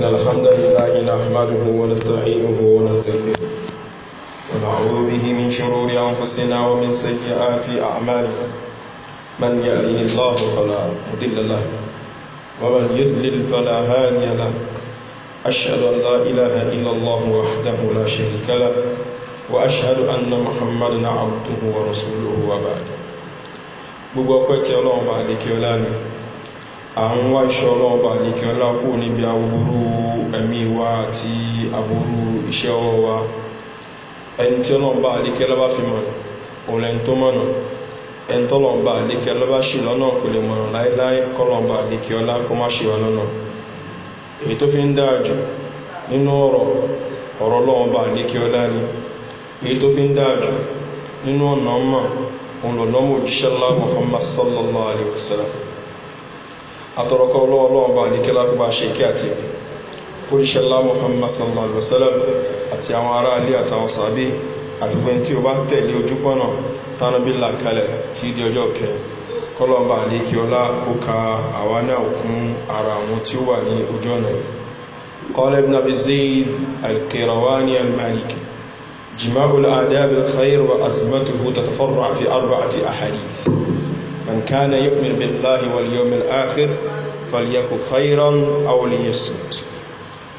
إن الحمد لله نحمده ونستعينه ونستغفره ونعوذ به من شرور أنفسنا ومن سيئات أعمالنا من يأله الله فلا مضل له ومن يضلل فلا هادي له أشهد أن لا إله إلا الله وحده لا شريك له وأشهد أن محمدا عبده ورسوله وبعد gbogbo ọpẹ́ tí ọlọ́run bá àwọn wá iṣẹ́ ọlọ́ọ̀bà nìkan lápò níbi aburú ẹ̀mí wa àti aburú iṣẹ́ ọwọ́ wa ẹni tí ọlọ́ọ̀bà nìkan lọ́bà fi mọ̀ òun ẹni tó mọ̀nà ẹni tó lọ́ọ̀bà nìkan lọ́bà ṣì lọ́nà kò lè mọ̀nà láíláí kọ́lọ́ọ̀bà nìkan ọlá kó má ṣe wà lọ́nà èyí tó fi ń dáa jù nínú ọ̀rọ̀ ọ̀rọ̀ lọ́ọ̀bà nìkan ọlá ni èyí tó fi ń dáa jù nínú ọ̀nà ọmọ òun lọ́nà òjíṣẹ́ lá muhammad sallallahu Alaihi Wasallam àtọ̀rọ̀kọ́ ọlọ́wọ́ ọlọ́wọ́ bá àlékẹ́lá kó bá ṣe kí àti fúríṣẹ́lá muhammad sallallahu alaihi wasallam àti àwọn ará alé àtàwọn sàbí àti gbẹ̀ tí ó bá tẹ̀lé ojúpọ̀nà tánàbílà kalẹ̀ tí di ọjọ́ kẹrin kọlọ́mbà ní kí ọlá ó ka àwa náà kún ara àwọn tí ó wà ní ojú ọ̀nà yìí kọlẹ̀ nàbí zayd alkairawani almaliki jima'ul adab alkhair wa azimatu tatafarra fi arba àti ahadith من كان يؤمن بالله واليوم الآخر فليكن خيرا أو ليصمت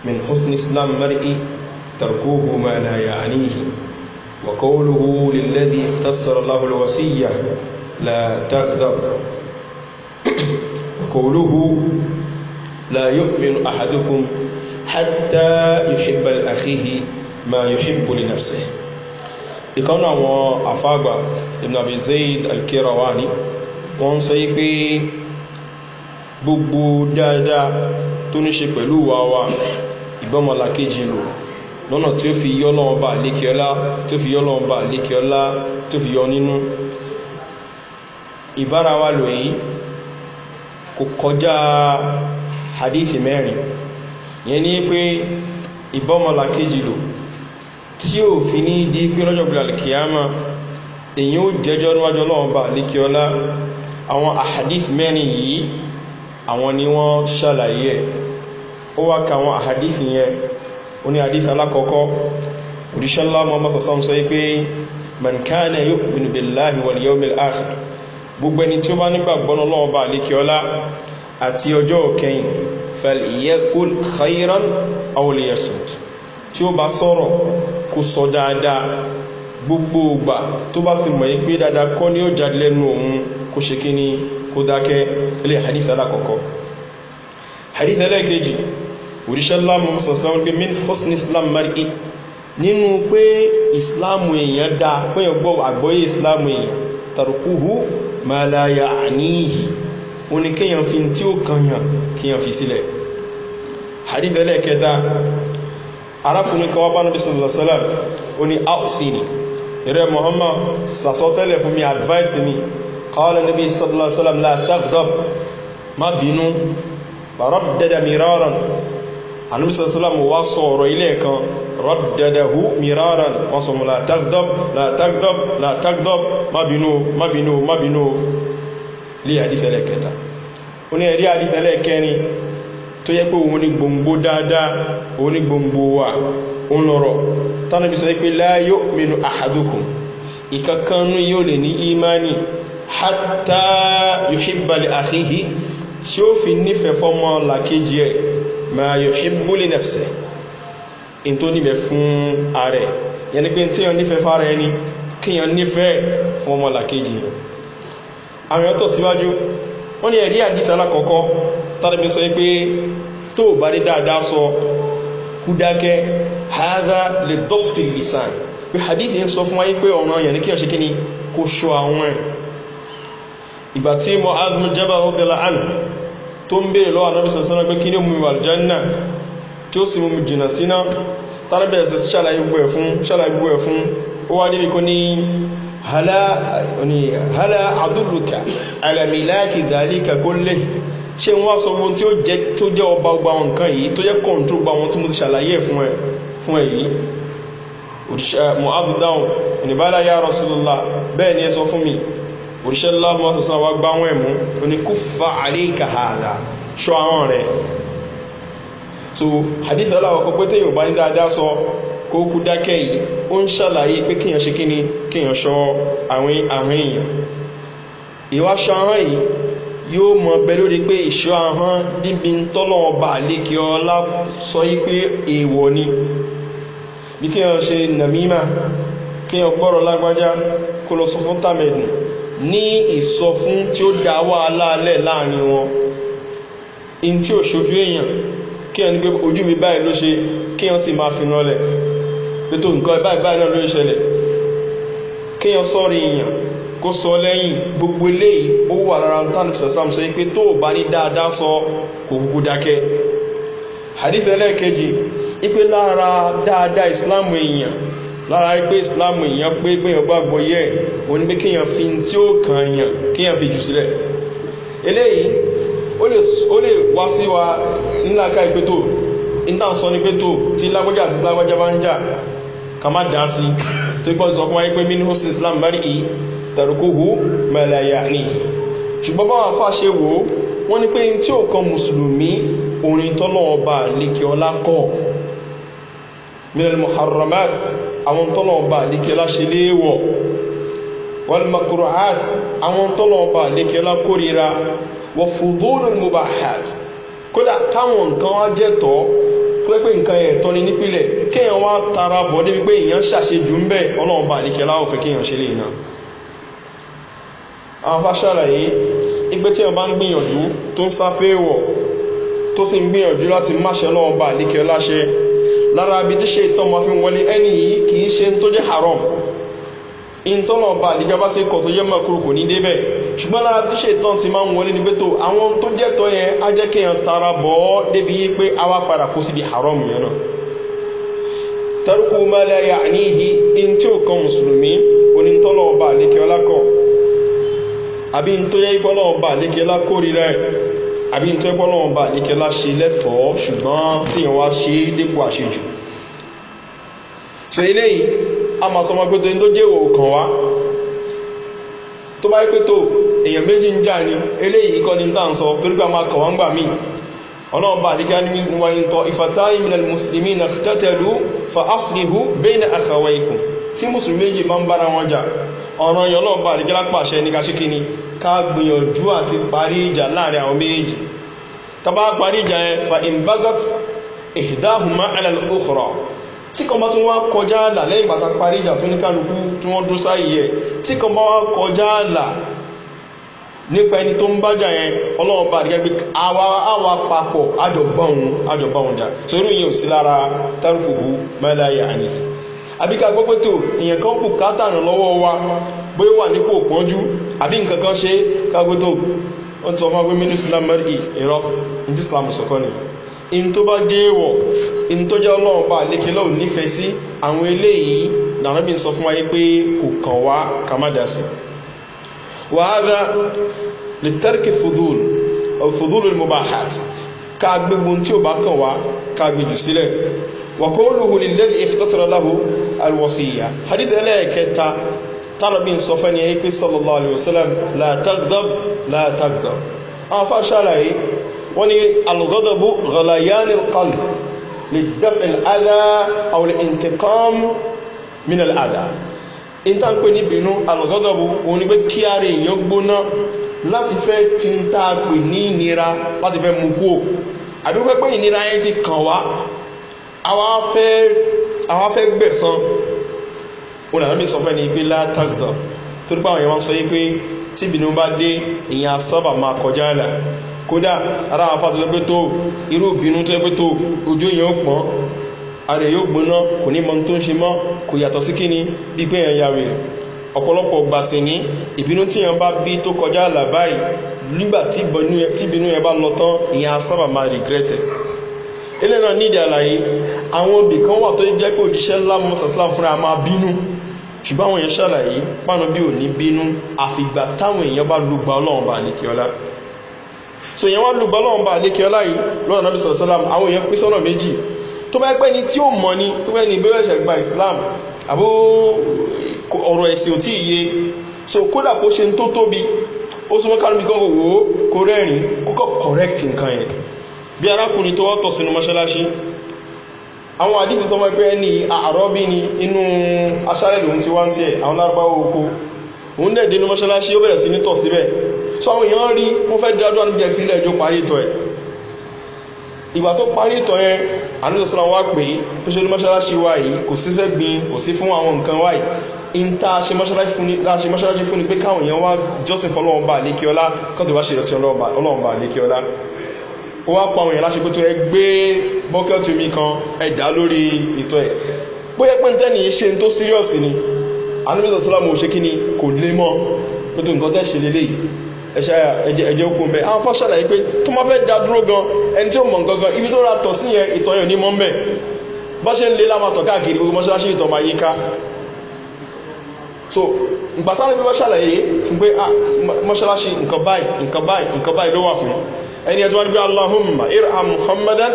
من حسن إسلام المرء تركوه ما لا يعنيه وقوله للذي اختصر الله الوصية لا تغضب وقوله لا يؤمن أحدكم حتى يحب لأخيه ما يحب لنفسه ìkan àwọn àfáàgbà أبي زيد الكيرواني wọ́n sọ yí pé gbogbo dáadáa tó ní ṣe pẹ̀lú wa wa ìbọ́mọ̀lá kejì lò lọ́nà tí ó fi yọ́lọ́wọ́ bá lékiọlá tó fi yọ́lọ́wọ́ bá lékiọlá tó fi yọ nínú ìbára wa lò yìí kò kọjá hadith mẹ́rin yẹn ní pé ìbọ́mọ̀lá kejì lò tí ò fi ní di pé lọ́jọ́ gbìlà kìáma èyí ó jẹjọ́ níwájú ọlọ́wọ́ bá lékiọlá àwọn ahadith mẹ́rin yìí àwọn ni wọ́n ṣàlàyé ẹ̀ ó wá ka àwọn ahadith yẹn ó ní hadith alákọ̀ọ́kọ́ òdíṣẹ́lá muhammad sassan sọ pé mankana yóò bin billahi wal yawmil akhir gbogbo ẹni tí ó bá nígbàgbọ́n ọlọ́ọ̀bá àlékiọlá àti ọjọ́ kẹyìn ògbà tó bá ti mọ̀ yí pé dáadáa kọ́ ni ó jáde òun kó ṣe kí ní kó dákẹ́ ilé hadith alákọ̀ọ́kọ́ hadith ẹlẹ́ẹ̀kejì òdíṣẹ́lá mọ́sánsáwọn pé min islam mari nínú pé islamu èèyàn dá pẹ́yàn gbọ́ islamu èèyàn tàrùkúhù malaya àníyì o ní kíyàn fi tí ó kanyàn kíyàn fi sílẹ̀ hadith ẹlẹ́ẹ̀kẹta arákùnrin kan wá bá nàbí sọ̀rọ̀sọ́lá o ní ni rẹ mọ̀hánmà sàsọ́tẹ́lẹ̀ fún mi advice ni. قال النبي صلى الله عليه وسلم لا تغضب ما بينو فردد مرارا النبي صلى الله عليه وسلم وصور إليك ردده مرارا وصم لا تغضب لا تغضب لا تغضب ما بينو ما بينو ما بينو لي حديث لكتا وني ري حديث لكني tó yẹ pé òun ní gbòǹgbò dáadáa òun ní gbòǹgbò wà òun lọ́rọ̀ tánàbí sọ pé láyé mẹ́nu àhàdùkù ìkankanú yóò lè ní ìmáni hátà yòhíbalì àhíhì tí ó fi nífẹ̀ẹ́ fọ́mọ làkejì ẹ̀ ma yòhíbúlì nẹ̀fẹ̀sẹ̀ in tó nífẹ̀ẹ́ fún ààrẹ yẹni pé tí yàn nífẹ̀ẹ́ fára ẹni kí yàn nífẹ̀ẹ́ fọ́mọ làkejì àwọn yàtọ̀ síwájú wọ́n ni ẹ̀rí àdíta alákọ̀ọ́kọ́ tàbí sọ pé tó bá ní dáadáa sọ kúdákẹ́ haza lè dọ́pùtì lìsàn pé hadith ń sọ fún wáyé pé ọ̀ràn yàn ní kí yàn ṣe kí ni kò ṣọ àwọn ẹ̀ ìgbà tí Mu'adh bin Jabal radiyallahu anhu tó ń bèèrè lọ́wọ́ Ànábì sallallahu alaihi wasallam pé kí ni mú mi wà aljanna tí ó sì mú mi jìnà síná tánàbẹ̀rẹ̀ sí ṣàlàyé gbogbo ẹ̀ fún ó wá débi kó ní hálà àdúrùkà alàmìláàkì dhalika kulli ṣe wọ́n sọ ohun tí ó jẹ́ tó jẹ́ ọba ọgbà wọn nǹkan yìí tó jẹ́ kọ̀ǹtró ya Rasulullah bẹ́ẹ̀ ni ẹ sọ fún mi òṣìṣẹ́ lábọ́ sọ̀sán wa gbá wọn ẹ̀mú o ní kó fa àríkà àdá ṣọ́ àwọn rẹ̀ so àdífẹ́ aláwọ̀kọ́ pé tẹ́yìn bá ní dáadáa sọ kó kú dákẹ́ yìí ó ń ṣàlàyé pé kíyàn ṣe kíni kíyàn ṣọ e, àwọn èèyàn ìwá ṣọ ahọ́n yìí yóò mọ bẹ lórí pé ìṣọ́ ahọ́n níbi tọ́lọ̀ ọba àlékè ọlá sọ yí pé èèwọ̀ ni bí kíyàn ṣe nàmímà kíyàn gbọ́rọ̀ lágbájá kó lọ sọ fún tàmẹ̀dùn ní ìsọfún tí ó dá wàhálà alẹ́ láàrin wọn in tí ò ṣojú èèyàn kí ẹni pé ojú mi báyìí ló ṣe kí wọ́n sì máa fi ránlẹ̀ pẹ̀tọ́ nǹkan báyìí báyìí náà ló ṣẹlẹ̀ kí wọ́n sọ́ọ̀rì èèyàn kó sọ lẹ́yìn gbogbo eléyìí ó wà lára tánù sàsàm sọ pé tó bá ní dáadáa sọ kò gbogbo dákẹ́ hadith ẹlẹ́ẹ̀kejì ipe lára dáadáa ìsìláàmù èèyàn lára pé Islamu èèyàn pé gbìyàn bá gbọ́yẹ́ òní pé kíyàn fi tí ó kàn yàn kíyàn fi jù sílẹ̀ eléyìí ó lè wá sí wa nílá ká ìpé tó níta sọ ní pé tó tí lágbájá àti lágbájá bá ń jà ká má dá sí tó gbọ́n sọ fún wa pé mínú islam bá i tàrùkúhù mẹ́lẹ̀yà ni ṣùgbọ́n bá wọn fà ṣe wò ó wọ́n ní pé tí ò kan mùsùlùmí orin tọ́lọ́ ọba àlékè ọlá kọ́ ọ̀ من المحرمات àwọn tọ́lọ̀ ọba àlékẹ́lá ṣe léèwọ̀ wal makruhat àwọn tọ́lọ̀ ọba àlékẹ́lá kórira wọ fudulul mubahat kódà káwọn nǹkan wá jẹ́ tọ́ pé pé nǹkan ẹ̀tọ́ ni nípìnlẹ̀ kéèyàn wá tara bọ̀ débi pé èèyàn ṣàṣejù ń bẹ̀ ọlọ́run ọba àlékẹ́lá ò fẹ́ kéèyàn ṣe lè náà àwọn afáṣàlàyé igbé tí wọ́n bá ń gbìyànjú tó ń sáfẹ́ wọ̀ tó sì ń gbìyànjú láti máṣẹ́ lọ́wọ́ bá àlékẹ́ láṣẹ́ lára abi tí ṣe ìtọ́mọ fi wọlé ẹni yìí kì í ṣe tó jẹ́ haram ìtọ́nà ọba àdìjábá sí kọ̀ tó jẹ́ mọ̀kúrò kò ní débẹ̀ ṣùgbọ́n lára ṣe ti máa ń wọlé ní pẹ́tò àwọn tó jẹ́ tọ́ yẹn á jẹ́ tara bọ̀ débi yí pé a wá padà kó haram yẹn náà tẹ́rùkù mẹ́lẹ̀ yà ní ìhí in tí kan mùsùlùmí onítọ́nà ọba ọlákọ̀ àbí in tó ọba ọlákọ̀ àbí n tó ẹ́ pọ́lọ́wọ́n bá níkẹ́lá ṣe lẹ́tọ̀ọ́ ṣùgbọ́n tí ìyẹn wá ṣe dépò àṣejù so eléyìí a máa sọmọ pé tó ń tó jẹ́ ìwò kàn wá tó bá yẹ pé tó èèyàn méjì ń jà ní eléyìí kọ́ ni tá à ń sọ torí pé a máa kàn wá ń gbà míì ọlọ́run bá àdíkẹ́ ká gbìyànjú àti parí ìjà láàrin àwọn méjì tàbá parí ìjà ẹ fa imbagot ìdáhùnmá alẹ́lẹ́kọ̀ọ́kọ̀rọ̀ tí kan bá tún wá kọjá àlà lẹ́yìn bàtà parí ìjà tó ní kálukú tí wọ́n dún sáyé ẹ̀ tí kan bá wá kọjá àlà nípa ẹni tó ń bájà yẹn ọlọ́wọ́ bá rí pé àwa àwa papọ̀ àjọ̀gbọ́n àjọ̀gbọ́n àbíká gbọ́gbẹ́tò ìyẹn kan kù kátà ràn lọ́wọ́ wa bóyá wà nípò pọ́njú àbí nǹkan kan ṣe kágbótó wọ́n ti ọmọ pé mínú islam mẹ́rì ìrọ́ e, ní tí islam sọ̀kọ́ ni in tó bá dé wọ̀ in tó jẹ́ ọlọ́run bá lékè lọ́wọ́ nífẹ̀ẹ́ sí àwọn eléyìí nàrábì sọ fún wáyé pé kò kàn wá ká má lè tẹ́rìkì fudul fudul mubahat ká gbégbó tí ò bá kàn wá ká gbèjù sílẹ̀ wàkóòlù wùlì lẹ́yìn ìfitọ́sọ̀rọ̀ tánàbí ń sọ fẹ́ni ẹ̀yí pé sallallahu alayhi wa sallam látàgdọ́b látàgdọ́b àwọn afá ṣàlàyé wọ́n ni alùgọ́dọ̀bù gọ̀láyánì kan lè dẹ́fẹ̀ àdá àwọn ìntẹ̀kọ́m mìíràn àdá ìtàn pé níbinú alùgọ́dọ̀bù òun ni pé kí ara èèyàn gbóná láti fẹ́ ti ń tá a pè ní ìnira wá fẹ́ gbẹ̀san olùrànlọ́bí sọ fẹ́ ni pé látàgbọ̀ tó dípá àwọn èèyàn sọ yí pé tí ìbínú bá dé èèyàn sọ́bà máa kọjá rẹ̀ kódà ara àfà tó lẹ́pẹ́ tó irú ìbínú tó lẹ́pẹ́ tó ojú èèyàn ó pọ́n ara yóò gbóná kò ní mọ tó ń ṣe mọ́ kò yàtọ̀ sí kíni bí pé èèyàn yàwé ọ̀pọ̀lọpọ̀ gbàsè ní ìbínú tí èèyàn bá bí tó kọjá àlàbáyì nígbà tí ìbínú yẹn bá lọ tán èèyàn sábà máa rìgírẹ́tẹ̀ ilé náà nídìí àlàyé àwọn obì kan wà tó jẹ́ pé òjíṣẹ́ ńlá mọ́sàsílá fúnra máa bínú ṣùgbọ́n àwọn èèyàn ṣàlàyé pánu bí ò ní bínú àfìgbà táwọn èèyàn bá lùgbà ọlọ́run bá ní kíọ́lá so èèyàn wá lùgbà ọlọ́run bá ní kíọ́lá yìí lọ́nà náà sọ̀rọ̀ sọ́lá àwọn èèyàn pín sọ́nà méjì tó bá pẹ́ ni tí ó mọ̀ ni tó bá ní ìbéèrè ẹ̀ṣẹ̀ gba islam àbó ọ̀rọ̀ ẹ̀sìn ò tí ì so kódà kó ṣe ń tó tóbi ó súnmọ́ kánú bí gbọ́ngàn wò ó kó rẹ́rìn-ín kókò correct nǹkan yẹn bí arákùnrin tó wọ́tọ̀ sínú mọ́ṣálásí àwọn àdíkù tó mọ́ pé ẹni àrọ́bí ni inú aṣálẹ̀ lòun ti wá ń tí ẹ̀ àwọn lárúbáwò oko òun dẹ̀ dénú mọ́ṣálásí ó bẹ̀rẹ̀ sí nítọ̀ síbẹ̀ so àwọn èèyàn rí wọ́n fẹ́ dájú àníbẹ̀ sílẹ̀ jó parí ìtọ̀ ẹ̀ ìgbà tó parí ìtọ̀ yẹn àníṣọ́sọ́ra wá pé tó ṣe ní fún àwọn nǹkan wa yìí in ta ṣe mọ́ṣálásí fún ni wá jọ́sìn fọlọ́ọ̀bà lékiọlá kọ́ ó wá pa àwọn èèyàn láṣẹ pé tó ẹ gbé bọ́kẹ́tì omi kan ẹ̀dá lórí ìtọ́ ẹ̀ bóyá pé ntẹ́ni ṣe ń tó síríọ̀sì ni anúbísọ̀ sọ́lámù ò ṣe kí ni kò lé mọ́ pé tó nǹkan tẹ́ ṣe lélẹ́yìí ẹ̀jẹ̀ okùn bẹ̀ àwọn fọ́ ṣàlàyé pé tó máa fẹ́ dá dúró gan ẹni tí ó mọ̀ gangan ibi tó ra tọ̀ sí yẹn ìtọ̀yàn ní mọ́ mẹ́ bá ṣe ń lé lámàtọ̀ káàkiri so ìgbàtà lè bí wọ́n ṣàlàyé fún pé ah, mọ́ṣáláṣí nǹkan báyìí nǹkan báyìí ẹni ẹ̀tọ́ wọn bí allahumma irham muhammadan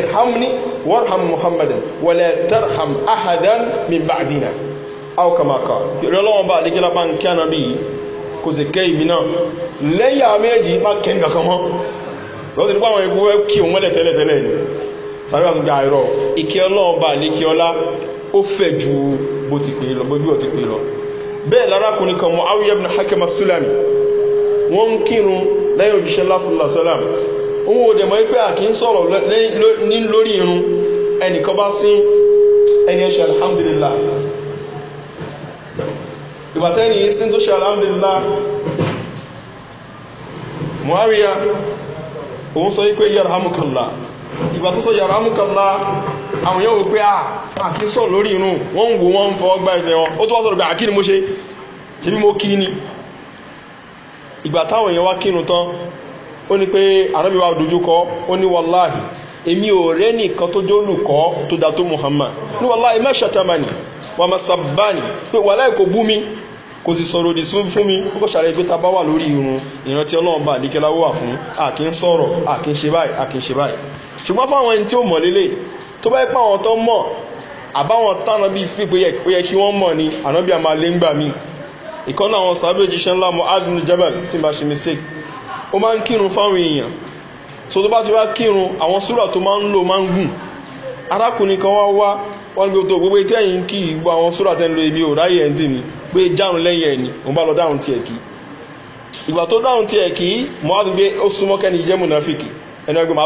irhamni warham muhammadan wàlẹ̀ tarham ahadan min ba'dina aukamaka ìrọlọ́wọ́n bá àdíkẹ́lá bá ń kí ànábì kò sì kẹ́ ìmì náà lẹ́yà méjì bá kẹ́ nǹkan mọ́ lọ́sí wọ́n kírun lẹ́yìn òjíṣẹ́ lásìlọ́sẹ́lá òun ò dẹ̀mọ́ pé àkí ń sọ̀rọ̀ ní lórí irun ẹnìkan bá sí ẹni ẹ̀ṣẹ̀ alhamdulillah ìbàtẹ́ni yìí sí tó ṣe alhamdulillah muawiya òun sọ wípé yàrá amúkànlá ìgbà tó sọ yàrá amúkànlá àwọn yóò wípé àkí ah, sọ̀rọ̀ lórí irun wọ́n ń wo wọ́n ń fọ́ gbá ìgbà táwọn èèyàn wá kírun tán ó ní pé àrẹ́bí wa dojúkọ ó ní wàláhì èmi ò rẹ́ nìkan tó jẹ́ olùkọ́ tó da tó muhammad ní wàláhì má ṣàtàmánì wà má sàbánì pé wàláhì kò bú mi kò sì sọ̀rọ̀ òdì fún mi ó kò ṣàlàyé pé ta bá wà lórí irun ìrántí ọlọ́run bá àdíkẹ́lá wà fún àkí ń sọ̀rọ̀ àkí ń ṣe báyìí àkí ń ṣe báyìí ṣùgbọ́n fáwọn ẹni tí ó mọ̀ lélẹ̀ tó bá pẹ́ àwọn tó mọ̀ àbáwọn táwọn bíi fíìpé ó yẹ kí wọ́n mọ̀ ni àná bí a máa lé ń gbà míì ìkọ́nà àwọn sàábé òjíṣẹ́ ńlá mọ́ adùn jabal tí bá ṣe mistake ó máa ń kírun fáwọn èèyàn so tó bá ti wá kírun àwọn súrà tó máa ń lò máa ń gùn arákùnrin kan wá wá wọ́n ní gbogbo gbogbo tí ẹ̀yìn kí gbogbo àwọn súrà tẹ́ ń lo ibi òráyè ẹ̀ ń tèmi pé járun lẹ́yìn ẹ̀ ni òun bá lọ dáhùn tiẹ̀ kí ìgbà tó dáhùn tiẹ̀ kí mọ́ adùn gbé ó súnmọ́ kẹ́ni jẹ́ mùnàfíkì ẹni ọgbẹ́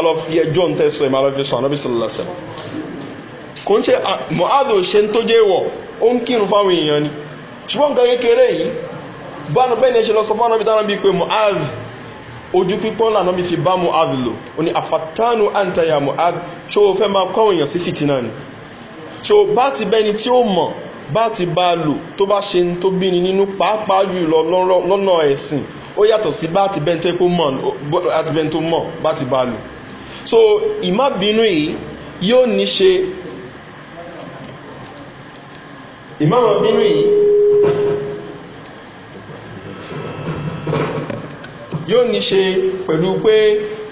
mọ́ ni ṣùgbọ́n nǹkan kékeré yìí bánu bẹ́ẹ̀ ni ẹ ṣe lọ sọ fún anábì táwọn bíi pé mu'adh ojú pípọ́n lànà mi fi bá mu'adh lò ó ní àfàtánù àǹtayà mu'adh ṣó o fẹ́ máa kọ́ èèyàn sí fìtínà ni ṣó bá ti bẹ́ni tí ó mọ̀ bá ti bá a lò tó bá ṣe tó bí ni nínú pàápàá jùlọ lọ́nà ẹ̀sìn ó yàtọ̀ sí bá ti bẹ́ni tó tó mọ̀ bá ti bá a lò so ìmábínú yìí yóò ní ṣe ìmábínú yìí yóò ní ṣe pẹ̀lú pé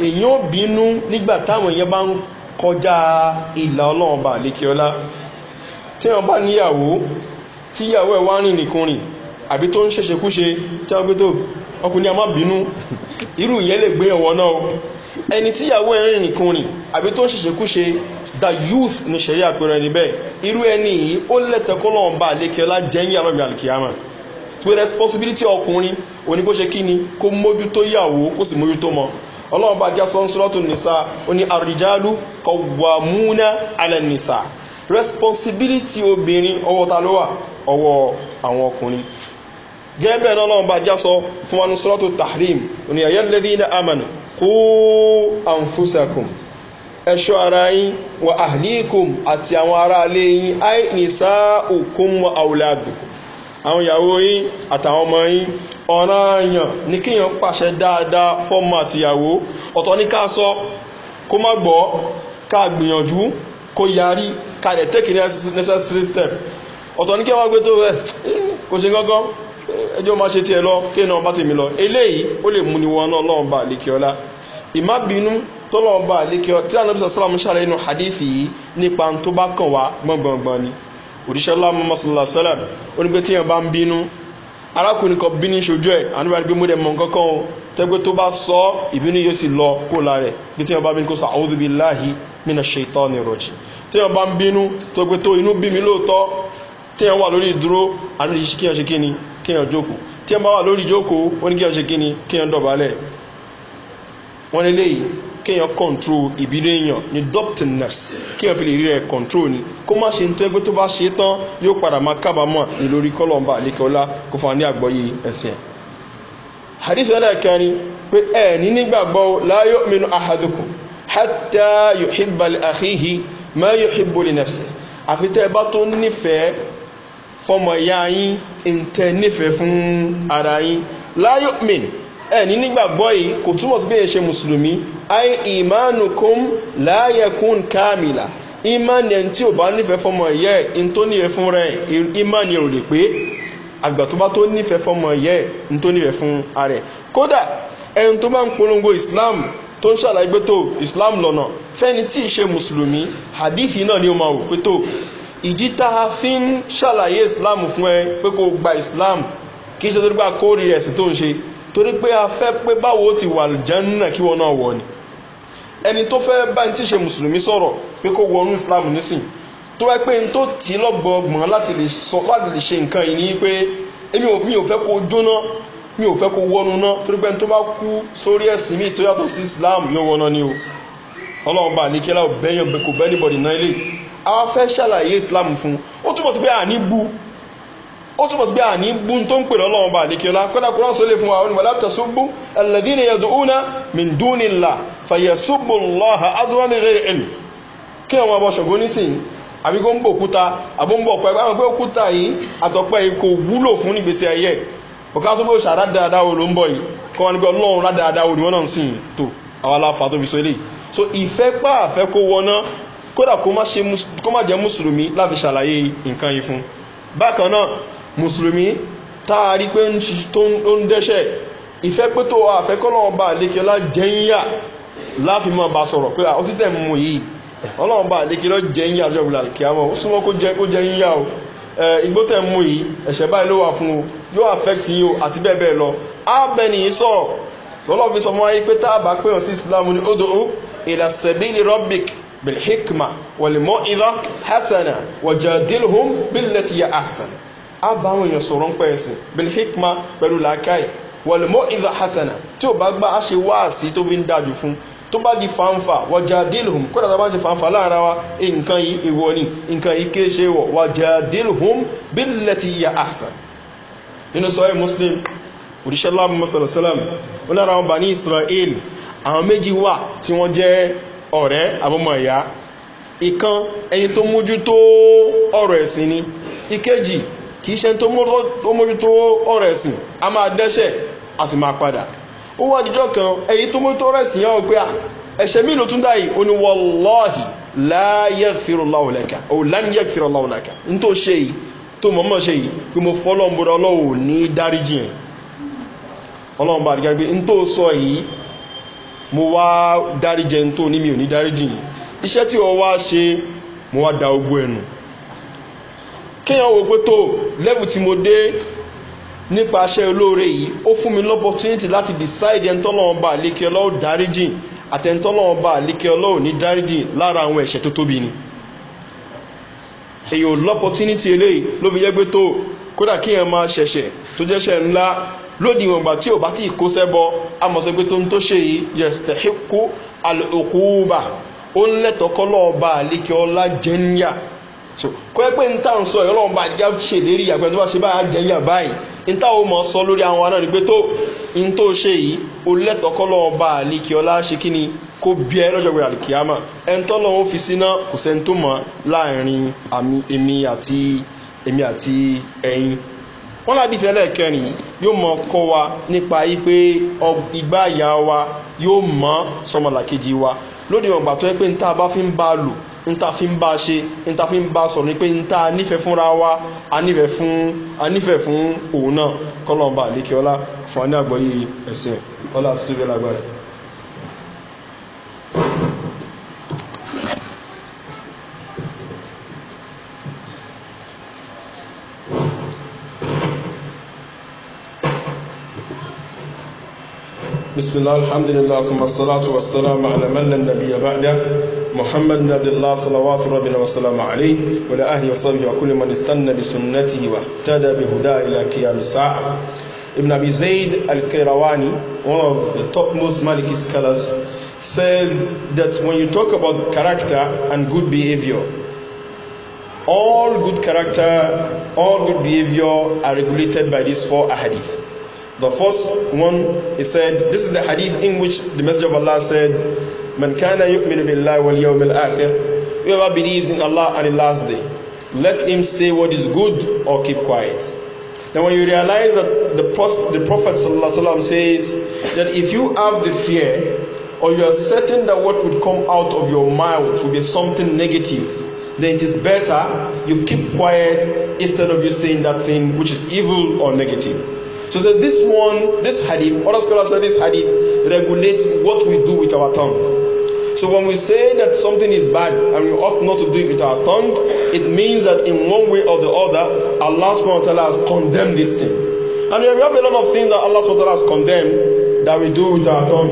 èyí ò bínú nígbà táwọn èèyàn bá ń kọjá ìlà ọlọ́run bá lékeọlá tí wọ́n bá níyàwó tíyàwó ẹ̀ wá rìn nìkùnrin àbí tó ń ṣẹ̀ṣẹ̀ kúṣe tí wọ́n pé tó ọkùnrin àmọ́ bínú irú ìyẹn lè gbé ọ̀wọ́ náà ẹni tíyàwó ẹ̀ rìn nìkùnrin àbí tó ń ṣẹ̀ṣẹ̀ kúṣe the youth ní ṣẹ̀rí àpẹẹrẹ níbẹ̀ irú ẹni yìí ó lẹ́tẹ̀kọ́ lọ́wọ́n bá lékeọlá jẹ́yìn àlọ́gbìn àlùkìyàmọ̀ pé responsibility ọkùnrin òní kó ṣe kí ni kó mójútó yàwó kó sì mójútó mọ́ ọlọ́run bá jẹ́ sọ́nsọ́rọ́tò nìsa ó ní àrùjálù kọ̀wàmúnà alẹ́ responsibility obìnrin ọwọ́ ta ló wà ọwọ́ àwọn ọkùnrin gẹ́gẹ́ náà lọ́wọ́n bá jásọ fún wọn sọ́rọ́tò tahrim òní àyẹ́lẹ́dí ní amànà kó àǹfúsàkùn ẹ̀ṣọ́ ara yín wà àhlíkùn àti àwọn ará alẹ́ yín àìníṣà òkun wà àwùládùkùn àwọn ìyàwó yín àtàwọn ọmọ yín ọ̀nà èèyàn ní kíyàn pàṣẹ dáadáa fọ́mọ àtìyàwó ọ̀tọ̀ ní ká sọ kó má gbọ́ ká gbìyànjú kó yarí ká lè take the necessary step ọ̀tọ̀ ní kí wọ́n gbé tó rẹ̀ eh, kò ṣe gángan eh, ẹjọ́ máa ṣe tiẹ̀ lọ kí náà bá tèmi lọ eléyìí ó lè mú ni wọn náà lọ́wọ́n bá àlékè ọlá ìmábìínú tó lọ́wọ́n bá àlékè ọlá tí àná bí sàlámù ṣàlàyé nù hadithi yìí nípa tó bá kàn wá gbọ̀ngbọ̀ngbọ̀n ni òdíṣẹ́ lámọ́mọ́sọ́lá sẹ́lẹ̀ ó ní pé tí yẹn bá ń bínú arákùnrin kan bínú ṣojú ẹ̀ àníbà rí pé mo dẹ̀ mọ̀ nǹkan kan o tẹ́gbẹ́ tó bá sọ ìbínú yóò sì lọ kó la rẹ̀ pé tí yẹn bá bínú kó sọ àwọn òbí láàyè mí na ṣe ìtọ́ ni rọ̀jì tí yẹn bá ń bínú tó pé tó inú bí mi lóòótọ́ tí yẹn wà lórí ìdúró àní kí yẹn ṣe kí ni kí yẹn jókòó tí yẹn bá wà lórí ìjókòó ó ní kí yẹn ṣe kí ni kí yẹn dọ̀bálẹ̀ wọ́n lé kéèyàn control ìbínú èèyàn doctor nurse kéèyàn fi lè rí rẹ̀ control ni kó má ṣe ń tó ẹgbẹ́ tó bá ṣe tán yóò padà máa kábàámọ̀ ní lórí kọ́lọ́mbà àlékọ́lá kó fún wa ní àgbọ́yé ẹ̀sìn. hadith ẹlẹ́kẹrin pé ẹ ní nígbàgbọ́ láyọ̀ mìíràn ahadukun hátà yóò hibbali àhíhì má yóò hibbali àfi tẹ́ ẹ bá tó nífẹ̀ẹ́ fọmọ ìyá yín ń tẹ́ nífẹ̀ẹ́ fún ara yín láyọ̀ mìíràn ẹni nígbàgbọ́ yìí kò túmọ̀ sí pé mùsùlùmí ai ìmánukum láyẹkún kámìlà ìmánu ẹni tí ò bá nífẹ̀ẹ́ fọmọ ìyẹ́ in tó nífẹ̀ẹ́ fún rẹ̀ ìmánu èrò lè pé àgbà tó bá tó nífẹ̀ẹ́ fọmọ ìyẹ́ in fún ààrẹ kódà ẹni tó bá ń polongo islam tó ń ṣàlàyé pé tó islam lọ́nà fẹ́ni tí ì ṣe mùsùlùmí hadith náà ni ó máa wò pé tó ìdí tá a fi ń ṣàlàyé islam fún ẹ pé kò gba islam kì í ṣe tó gbà kórìí rẹ̀ tó ń ṣe torí pé a fẹ́ pé báwo ti wà jẹ́nà kí wọ́n náà wọ̀ ni ẹni tó fẹ́ bá ti ṣe mùsùlùmí sọ̀rọ̀ pé kó wọnú islam nísìn tó wẹ́ pé n tó tì í lọ́gbọ̀ọ́gbọ̀n láti lè sọ láti lè ṣe nǹkan yìí ni pé èmi ò mi ò fẹ́ kó jóná mi ò fẹ́ kó wọnú náà torí pé n tó bá kú sórí ẹ̀sìn mi tó yàtọ̀ sí islam yóò wọná ni o ọlọ́run bá àníkẹ́lá ò bẹ́yàn kò bẹ́ níbọ̀dì náà ilé a fẹ́ ṣàlàyé islam fún ó túbọ̀ sí pé àní bu ó túnbọ̀ sí pé àní bú tó ń pè lọ́lọ́run bá àdékẹ́lá kọ́dà kúrán sólè fún wa ó ní wàlá tẹ̀súbú ẹ̀lẹ́dínlẹ̀ yẹ̀dùnúnà mìndúnilà fàyẹ̀súbù lọ́ha adúmọ́mìrì ẹ̀mì kí ọmọ ọmọ ṣọ̀gbọ́n nísìn àbí kó ń bò kúta àbó ń bọ̀ pẹ́ báwọn pé òkúta yìí àtọ̀pẹ́ yìí kò wúlò fún àwọn aláfa tó fi so eléyìí so ìfẹ́ pa àfẹ́ kó wọná kódà kó má jẹ́ mùsùlùmí láfi ṣàlàyé nǹkan yìí fún bákan mùsùlùmí táàrí pé ó ń dẹ́ṣẹ̀ ìfẹ́ pé tó àfẹ́ kọ́lọ́wọ́ bá àlékiọlá jẹ́yìnyà láàfin máa bá sọ̀rọ̀ pé ó títẹ̀ mú yìí ọlọ́wọ́ bá àlékiọlá jẹ́yìnyà lọ́jọ́ ìgbìlà kìámọ́ ó súnmọ́ kó jẹ́yìnyà o igbó tẹ̀ mú yìí ẹ̀ṣẹ̀ báyìí ló wà fún o yóò affect yín o àti bẹ́ẹ̀ bẹ́ẹ̀ lọ ábẹ́ni yìí sọ̀rọ̀ lọ́lọ́fi sọ fún wa yìí pé tá a bá pè bilhikma wàlímọ́ ìlà hasana wàjàdìlhùn bílẹ̀ tìyà á bá àwọn èèyàn sọ̀rọ̀ ń pẹ́ ẹ̀sìn bil hikma pẹ̀lú làákàyè wọ̀lùmọ́ ìlà hasana tí ò bá gbá á ṣe wáàsí tó fi ń dájú fún tó bá di fanfa wàjà dílùm kódà tó bá ṣe fanfa láàrin wa nǹkan yìí ìwọ ni nǹkan yìí kéé ṣe wọ wàjà dílùm bí lẹ́tì yà àṣà nínú sọ́yìn muslim òdíṣẹ́ láàmú mọ́sálásálàm wọn lára wọn bá ní israel àwọn méjì wà tí wọ́n jẹ́ ọ̀rẹ́ àbọ̀mọ̀ ẹ̀yà ìkan ẹni tó mójútó ọ̀rọ̀ ẹ̀sìn ni ìkejì kìí ṣe tó mójútó ọ̀rọ̀ ẹ̀sìn a máa dẹ́ṣẹ̀ a sì máa padà ó wá kan èyí tó mójútó ọ̀rọ̀ ẹ̀sìn yẹn pé ẹ̀ṣẹ̀ mi ló tún dá yìí ó ní wọ́lọ́ọ̀hì láyẹ̀fìrọ̀láwọ̀lẹ́kà ó tó ṣe yìí tó ṣe yìí pé mo fọ́lọ́ ní dáríjì yẹn ọlọ́run bá kéèyàn wo pé tó lẹ́wù tí mo dé nípa aṣẹ́ olóore yìí ó fún mi lọ́pọ̀tunity láti decide ẹni tọ́lọ́wọ́n bá àlékè ọlọ́wọ́ dáríjì àtẹni tọ́lọ́wọ́n bá àlékè ọlọ́wọ́ ní dáríjì lára àwọn ẹ̀ṣẹ̀ tó tóbi ni èyí ò lọ́pọ̀tunity eléyìí ló fi yẹ́ pé tó kódà kéèyàn máa ṣẹ̀ṣẹ̀ tó jẹ́ṣẹ̀ ńlá lódì ìwọ̀n ìgbà tí ò bá tí kó sẹ́bọ amọ̀sẹ̀ pé tó ń tó ṣe yìí yẹ̀sítẹ̀ẹ́kú àlòkúùbà ó ń lẹ́tọ̀ọ́kọ́ lọ́ọ̀bà àlékè ọlá jẹ́ńyà so kọ́ ẹ pé níta ń sọ ẹ̀rọ ọba àjá ṣèlérí àgbẹ̀ tó bá ṣe báyà jẹ́ yà báyìí níta ó mọ̀ sọ lórí àwọn náà ni pé tó n tó ṣe yìí o lẹ́tọ̀ọ́ kọ́ lọ́wọ́ ọba àlekíọ́lá ṣe kí ni kó bí ẹ lọ́jọ́ gbèrè àlekíámà ẹ̀ ń tọ́ lọ́wọ́ fi síná kò sẹ́ni tó mọ̀ láàrin èmi àti ẹ̀yin wọ́n lábí tẹ́lẹ̀ kẹrin yóò mọ̀ kọ́ wa nípa yí pé ìgbà ìyá wa yóò mọ̀ sọmọlàkejì wa lóde ìwọ̀n gbà tó yẹ pé bá fi ń bá lò níta fi ń bá a ṣe níta fi ń bá a sọ̀rọ̀ ni pé níta nífẹ̀ẹ́ fúnra wa a nífẹ̀ẹ́ fún a nífẹ̀ẹ́ fún òun náà kọ́lọ́mbà àlékè ọlá fún wa ní àgbọ̀yé ẹ̀sìn ọlá àti tó lágbára. بسم الله الحمد لله ثم الصلاة والسلام على من لا نبي محمد نبي الله صلوات ربنا وسلامه عليه وعلى اهله وصحبه وكل من استنى بسنته واهتدى بهداه إلى قيام الساعه Ibn Abi Zayd al-Qayrawani, one of the topmost Maliki scholars, said that when you talk about character and good behavior, all good character, all good behavior are regulated by these four hadith. The first one, he said, this is the hadith in which the Messenger of Allah said, Man kana yu'minu billahi wal yawmil Whoever believes in Allah and the last day, let him say what is good or keep quiet. Now when you realize that the Prophet, the Prophet says that if you have the fear or you are certain that what would come out of your mouth would be something negative, then it is better you keep quiet instead of you saying that thing which is evil or negative. So that this one, this hadith, other scholars say this hadith regulates what we do with our tongue. So when we say that something is bad and we ought not to do it with our tongue, it means that in one way or the other, Allah subhanahu wa ta'ala has condemned this thing. And we have a lot of things that Allah subhanahu wa ta'ala has condemned that we do with our tongue.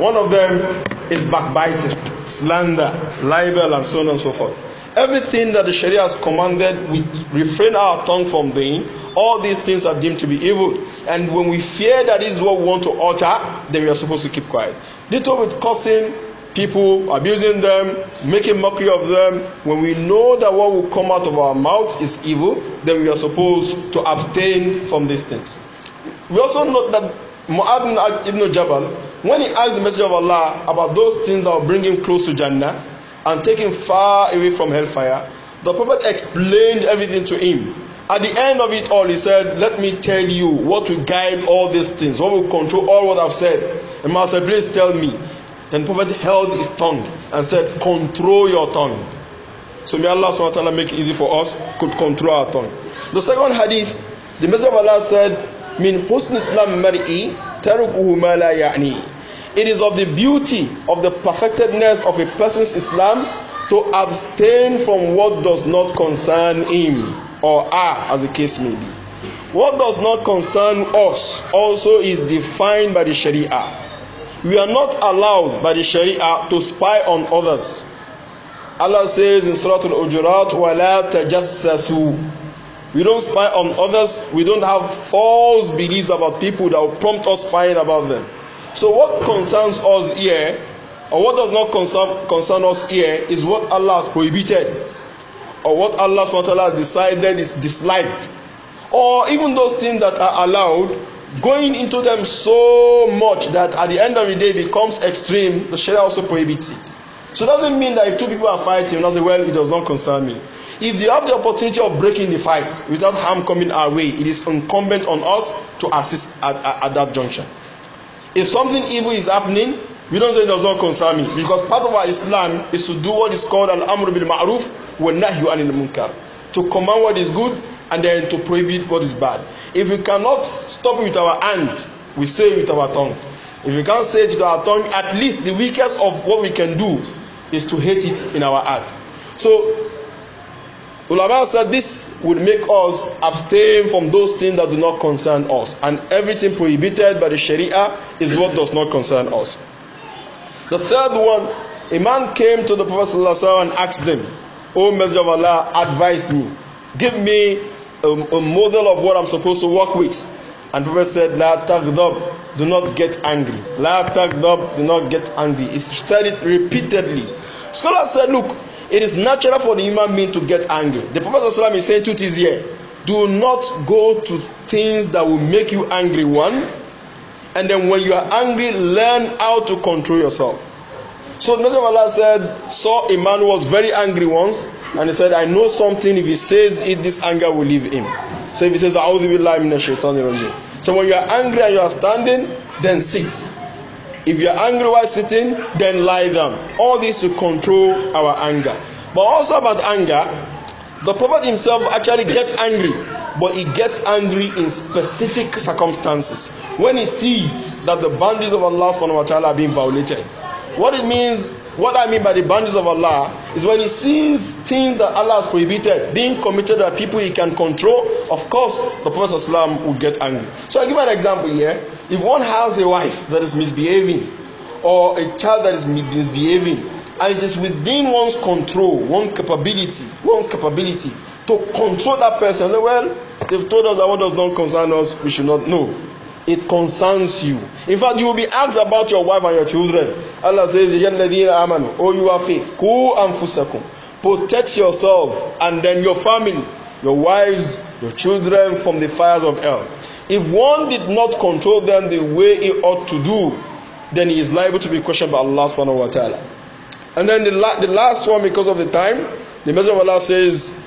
One of them is backbiting, slander, libel, and so on and so forth. Everything that the Sharia has commanded, we refrain our tongue from doing. All these things are deemed to be evil. And when we fear that is what we want to utter, then we are supposed to keep quiet. Little with cursing people, abusing them, making mockery of them. When we know that what will come out of our mouth is evil, then we are supposed to abstain from these things. We also note that Mu'ad ibn Jabal, when he asked the Messenger of Allah about those things that will bring him close to Jannah and take him far away from hellfire, the Prophet explained everything to him. At the end of it all, he said, Let me tell you what will guide all these things, what will control all what I've said. And Master Blaze tell me. Then Prophet held his tongue and said, Control your tongue. So may Allah SWT make it easy for us, to control our tongue. The second hadith, the Messenger of Allah said, Min husn islam mar'i tarukuhu ma la ya'ni. It is of the beauty of the perfectedness of a person's Islam to abstain from what does not concern him or her, as the case may be. What does not concern us also is defined by the Sharia. We are not allowed by the Sharia to spy on others. Allah says in Surah Al-Ujurat, وَلَا تَجَسَّسُوا We don't spy on others. We don't have false beliefs about people that will prompt us spying about them. So what concerns us here, or what does not concern, concern us here, is what Allah has prohibited, or what Allah has decided is disliked, or even those things that are allowed going into them so much that at the end of the day becomes extreme, the Sharia also prohibits it. So it doesn't mean that if two people are fighting, not say, well, it does not concern me. If you have the opportunity of breaking the fight without harm coming our way, it is incumbent on us to assist at, at, at that junction. If something evil is happening, we don't say it does not concern me because part of our Islam is to do what is called al amr bil ma'ruf wa nahyu anil munkar, to command what is good and then to prohibit what is bad. If we cannot stop it with our hand, we say it with our tongue. If we can't say it with our tongue, at least the weakest of what we can do is to hate it in our heart. So, Ulama said this would make us abstain from those things that do not concern us. And everything prohibited by the Sharia is what does not concern us. The third one, a man came to the Prophet ﷺ and asked them, O Messenger of Allah, advise me. Give me a, a model of what I'm supposed to work with. And Prophet said, La tagdab, do not get angry. La tagdab, do not get angry. He said it repeatedly. Scholars said, Look, it is natural for the human being to get angry. The Prophet is saying to things here. Do not go to things that will make you angry, one. And then when you are angry, learn how to control yourself. So the Messenger of Allah said, saw a man who was very angry once, and he said, I know something, if he says it, this anger will leave him. So if he says, So when you are angry and you are standing, then sit. If you are angry while sitting, then lie down. All this to control our anger. But also about anger, the Prophet himself actually gets angry, but he gets angry in specific circumstances. When he sees that the boundaries of Allah subhanahu wa ta'ala are being violated. What it means, what I mean by the boundaries of Allah is when he sees things that Allah has prohibited being committed by people he can control, of course, the Prophet ﷺ would get angry. So I give an example here. If one has a wife that is misbehaving or a child that is misbehaving, and it is within one's control, one's capability, one's capability to control that person, well, they've told us that what does not concern us, we should not know. It concerns you. In fact, you will be asked about your wife and your children. Allah says, amanu, O you are faith, ku anfusakum. Protect yourself and then your family, your wives, your children from the fires of hell. If one did not control them the way he ought to do, then he is liable to be questioned by Allah subhanahu wa ta'ala. And then the, la the last one, because of the time, the Messenger of Allah says,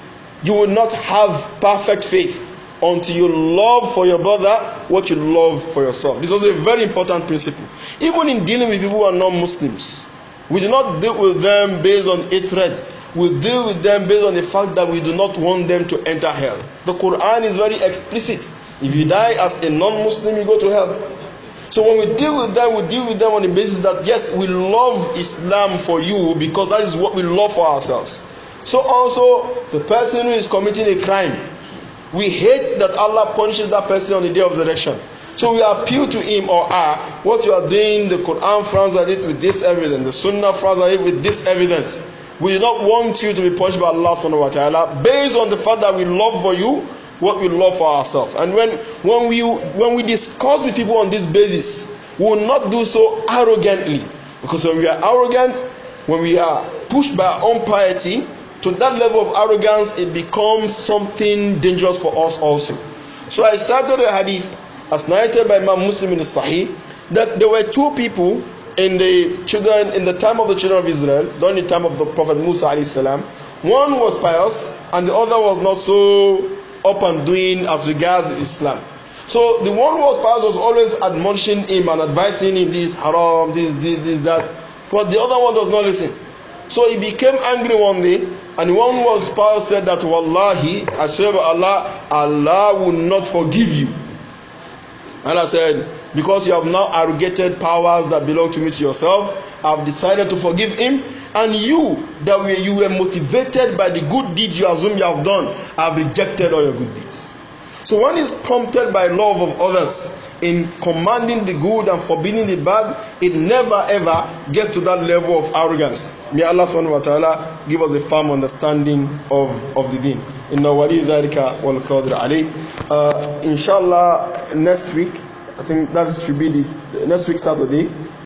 You will not have perfect faith until you love for your brother what you love for yourself. This was a very important principle. Even in dealing with people who are non Muslims, we do not deal with them based on hatred. We deal with them based on the fact that we do not want them to enter hell. The Quran is very explicit. If you die as a non Muslim, you go to hell. So when we deal with them, we deal with them on the basis that yes, we love Islam for you because that is what we love for ourselves. So also, the person who is committing a crime, We hate that Allah punishes that person on the day of resurrection. So we appeal to him or her, what you are doing, the Quran frowns it with this evidence, the Sunnah frowns it with this evidence. We do not want you to be punished by Allah subhanahu wa ta'ala based on the fact that we love for you what we love for ourselves. And when, when, we, when we discuss with people on this basis, we will not do so arrogantly. Because when we are arrogant, when we are pushed by our own piety, to that level of arrogance, it becomes something dangerous for us also. So I cited a hadith as narrated by Imam Muslim in the Sahih that there were two people in the children in the time of the children of Israel, during the time of the Prophet Musa alayhi One was pious and the other was not so up and doing as regards Islam. So the one who was pious was always admonishing him and advising him this haram, this, this, this, that. But the other one does not listen. So he became angry one day, and one was Paul said that Wallahi, I swear by Allah, Allah will not forgive you. And I said, Because you have now arrogated powers that belong to me to yourself, I have decided to forgive him. And you, that were, you were motivated by the good deeds you assume you have done, I have rejected all your good deeds. So one is prompted by love of others in commanding the good and forbidding the bad, it never ever gets to that level of arrogance. May Allah subhanahu wa ta'ala give us a firm understanding of, of the deen. Inna wali dharika wal qadr ali. Uh, inshallah, next week, I think that should be the next week Saturday.